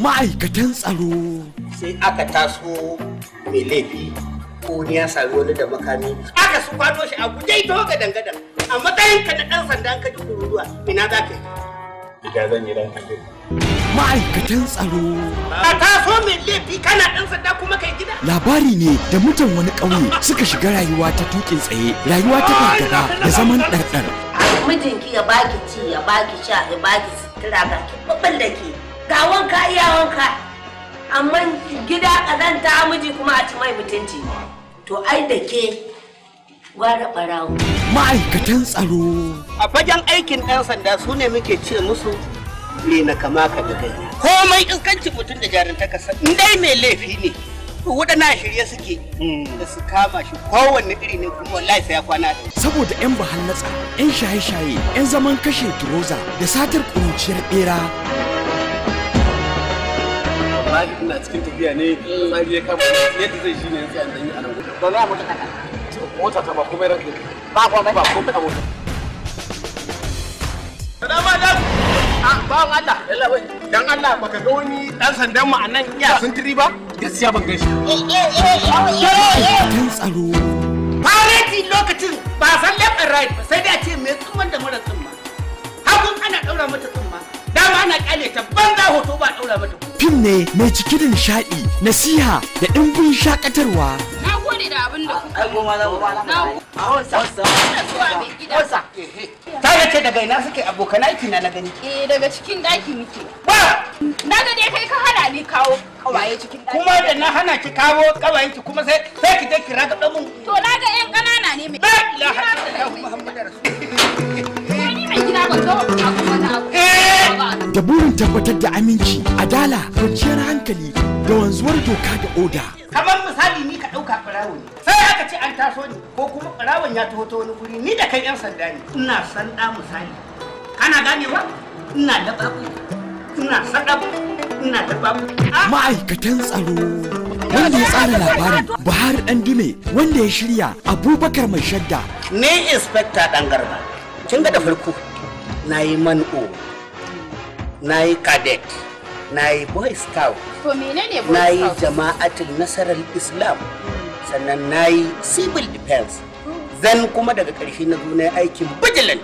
ma'aikatan tsaro sai aka taso mai laifi ko ni ya sami wani da makami aka su kwato shi a guje ito ga dangadan a matsayin ka na dan sanda ka ji kururuwa ina za ka yi ita zan yi dan kaje ma'aikatan tsaro ka taso mai laifi kana dan sanda kuma kai gida labari ne da mutan wani ƙauye suka shiga rayuwa ta tukin tsaye rayuwa ta fargaba da zaman ɗarɗar mijinki ya baki ci ya baki sha ya baki sutura ga ki babban da ke ga wanka iya wanka amma gida kazanta miji kuma a ci mai mutunci to ai da ke ware barawo ma'aikatan tsaro a fagen aikin ɗan sanda su ne muke ce musu ne na kama ka da gani komai kanci mutum da ta kasa in dai mai laifi ne waɗannan shirye suke hmm. da su kama shi kowanne iri ne kuma wallahi sai ya kwana saboda yan bahallatsa yan shaye-shaye yan zaman kashe turoza da satar ƙuruciyar bera wallahi ina cikin tafiya ne tsari ya kama yadda zai shi ne ya tsaya a nan gudu ba za mu ta mota ta ba komai ranka ba komai ba komai a mota Salamu a Ah, bawan Allah, yalla bai. Dan Allah baka ga wani dan sandan mu a nan iya sun tiri ba? Gaskiya ban gaishe. Eh eh, eh, eh, eh tsaro. Fareti lokacin ba san left and right ba sai dai a ce me tsumman da mara tsumma. Hagun ana ɗaura mata tsumma. dama ana kyale ta banza hoto ba daura mata fim ne mai cike da nishadi nasiha da dimbin shakatarwa na gode da abin da kuka yi a wansa wansa ta ce daga ina suke abokan aiki na na gani eh daga cikin daki muke ba na ga dai kai ka hana ni kawo kawaye cikin daki kuma da na hana ki kawo kawayen ki kuma sai sai ki je kira ga mun to na ga yan ƙanana ne mai la ilaha illallah muhammadur rasul ni mai gida ba zo da burin tabbatar da aminci adala kwanciyar hankali da wanzuwar doka da oda kamar misali ni ka ɗauka ɓarawo ne sai aka ce an taso ni ko kuma ɓarawon ya taho ta wani guri ni da kai yan sanda ne ina sanda misali kana ganewa ina da babu ina sanda ina da babu ah! ma'aikatan tsaro wanda ya tsara labarin buhari dan dume wanda ya shirya abubakar mai shadda ne inspector dan garba kin ga da farko na yi man'o na yi cadet na yi boy scout to menene boy na yi jama'atul nasarar islam sannan na yi civil defense zan kuma daga ƙarshe na zo na aikin vigilant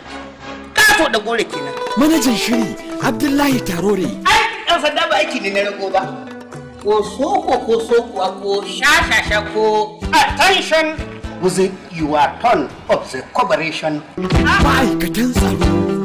kato da gore kenan manajan shiri abdullahi tarore ai ɗan sanda ba aiki ne na rago ba ko soko ko soko ko shashasha ko attention with your turn of the corporation ma'aikatan tsaro